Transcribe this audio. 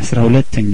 አስራ ሁለተኛ